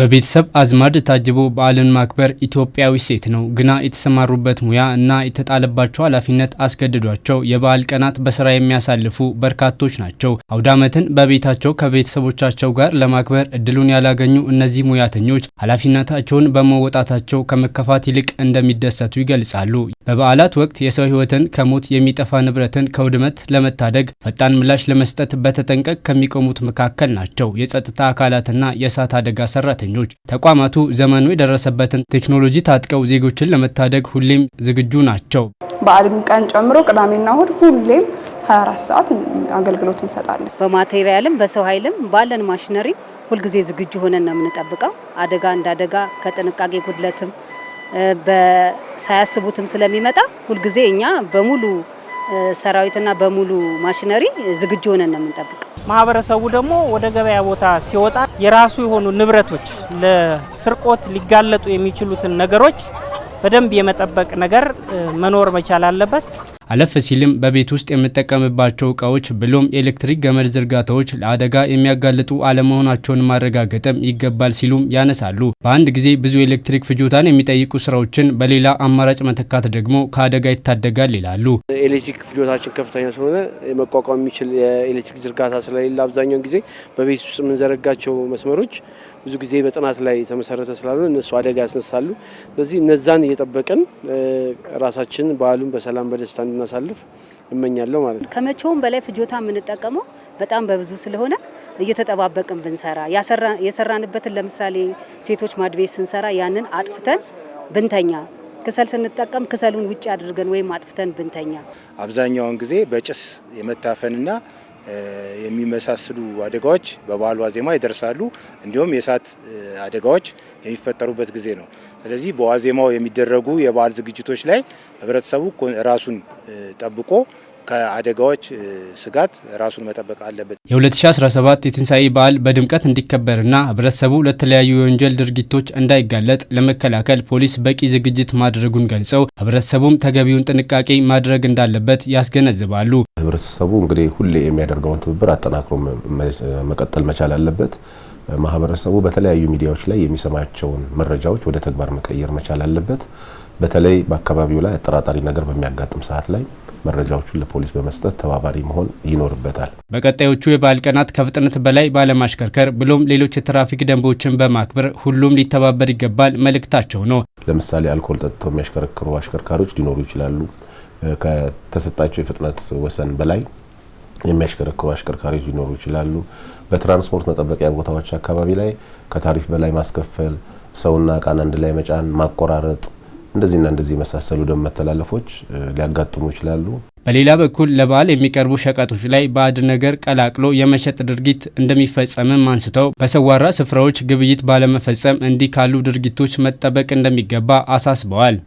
በቤተሰብ አዝማድ ታጅቦ በዓልን ማክበር ኢትዮጵያዊ ሴት ነው። ግና የተሰማሩበት ሙያ እና የተጣለባቸው ኃላፊነት አስገድዷቸው የበዓል ቀናት በስራ የሚያሳልፉ በርካቶች ናቸው። አውደ ዓመትን በቤታቸው ከቤተሰቦቻቸው ጋር ለማክበር እድሉን ያላገኙ እነዚህ ሙያተኞች ኃላፊነታቸውን በመወጣታቸው ከመከፋት ይልቅ እንደሚደሰቱ ይገልጻሉ። በበዓላት ወቅት የሰው ሕይወትን ከሞት የሚጠፋ ንብረትን ከውድመት ለመታደግ ፈጣን ምላሽ ለመስጠት በተጠንቀቅ ከሚቆሙት መካከል ናቸው የጸጥታ አካላትና የእሳት አደጋ ሰራተኞች ሰራተኞች ተቋማቱ ዘመኑ የደረሰበትን ቴክኖሎጂ ታጥቀው ዜጎችን ለመታደግ ሁሌም ዝግጁ ናቸው። በዓልን ቀን ጨምሮ ቅዳሜና እሁድ ሁሌም 24 ሰዓት አገልግሎት እንሰጣለን። በማቴሪያልም በሰው ኃይልም ባለን ማሽነሪ ሁልጊዜ ዝግጁ ሆነን ነው የምንጠብቀው። አደጋ እንዳደጋ ከጥንቃቄ ጉድለትም ሳያስቡትም ስለሚመጣ ሁልጊዜ እኛ በሙሉ ሰራዊትና በሙሉ ማሽነሪ ዝግጁ ሆነን ነው የምንጠብቀው ማህበረሰቡ ደግሞ ወደ ገበያ ቦታ ሲወጣ የራሱ የሆኑ ንብረቶች ለስርቆት ሊጋለጡ የሚችሉትን ነገሮች በደንብ የመጠበቅ ነገር መኖር መቻል አለበት። አለፍ ሲልም በቤት ውስጥ የምጠቀምባቸው እቃዎች ብሎም የኤሌክትሪክ ገመድ ዝርጋታዎች ለአደጋ የሚያጋልጡ አለመሆናቸውን ማረጋገጥም ይገባል ሲሉም ያነሳሉ። በአንድ ጊዜ ብዙ ኤሌክትሪክ ፍጆታን የሚጠይቁ ስራዎችን በሌላ አማራጭ መተካት ደግሞ ከአደጋ ይታደጋል ይላሉ። ኤሌክትሪክ ፍጆታችን ከፍተኛ ስለሆነ መቋቋም የሚችል የኤሌክትሪክ ዝርጋታ ስለሌለ አብዛኛውን ጊዜ በቤት ውስጥ የምንዘረጋቸው መስመሮች ብዙ ጊዜ በጥናት ላይ የተመሰረተ ስላሉ እነሱ አደጋ ያስነሳሉ። ስለዚህ እነዛን እየጠበቅን ራሳችን በዓሉን በሰላም በደስታ እንድናሳልፍ እመኛለሁ ማለት ነው። ከመቼውም በላይ ፍጆታ የምንጠቀመው በጣም በብዙ ስለሆነ እየተጠባበቅን ብንሰራ የሰራንበትን ለምሳሌ ሴቶች ማድቤት ስንሰራ ያንን አጥፍተን ብንተኛ ክሰል ስንጠቀም ክሰሉን ውጭ አድርገን ወይም አጥፍተን ብንተኛ አብዛኛውን ጊዜ በጭስ የመታፈንና የሚመሳስሉ አደጋዎች በበዓል ዋዜማ ይደርሳሉ። እንዲሁም የእሳት አደጋዎች የሚፈጠሩበት ጊዜ ነው። ስለዚህ በዋዜማው የሚደረጉ የበዓል ዝግጅቶች ላይ ህብረተሰቡ ራሱን ጠብቆ ከአደጋዎች ስጋት ራሱን መጠበቅ አለበት። የ2017 የትንሣኤ በዓል በድምቀት እንዲከበርና ህብረተሰቡ ለተለያዩ የወንጀል ድርጊቶች እንዳይጋለጥ ለመከላከል ፖሊስ በቂ ዝግጅት ማድረጉን ገልጸው ህብረተሰቡም ተገቢውን ጥንቃቄ ማድረግ እንዳለበት ያስገነዝባሉ። ህብረተሰቡ እንግዲህ ሁሌ የሚያደርገውን ትብብር አጠናክሮ መቀጠል መቻል አለበት። ማህበረሰቡ በተለያዩ ሚዲያዎች ላይ የሚሰማቸውን መረጃዎች ወደ ተግባር መቀየር መቻል አለበት። በተለይ በአካባቢው ላይ አጠራጣሪ ነገር በሚያጋጥም ሰዓት ላይ መረጃዎቹን ለፖሊስ በመስጠት ተባባሪ መሆን ይኖርበታል። በቀጣዮቹ የበዓል ቀናት ከፍጥነት በላይ ባለማሽከርከር ብሎም ሌሎች የትራፊክ ደንቦችን በማክበር ሁሉም ሊተባበር ይገባል መልእክታቸው ነው። ለምሳሌ አልኮል ጠጥተው የሚያሽከረክሩ አሽከርካሪዎች ሊኖሩ ይችላሉ። ከተሰጣቸው የፍጥነት ወሰን በላይ የሚያሽከረክሩ አሽከርካሪዎች ሊኖሩ ይችላሉ። በትራንስፖርት መጠበቂያ ቦታዎች አካባቢ ላይ ከታሪፍ በላይ ማስከፈል፣ ሰውና እቃን አንድ ላይ መጫን፣ ማቆራረጥ እንደዚህና እንደዚህ የመሳሰሉ ደንብ መተላለፎች ሊያጋጥሙ ይችላሉ። በሌላ በኩል ለበዓል የሚቀርቡ ሸቀጦች ላይ ባዕድ ነገር ቀላቅሎ የመሸጥ ድርጊት እንደሚፈጸምም አንስተው በሰዋራ ስፍራዎች ግብይት ባለመፈጸም እንዲህ ካሉ ድርጊቶች መጠበቅ እንደሚገባ አሳስበዋል።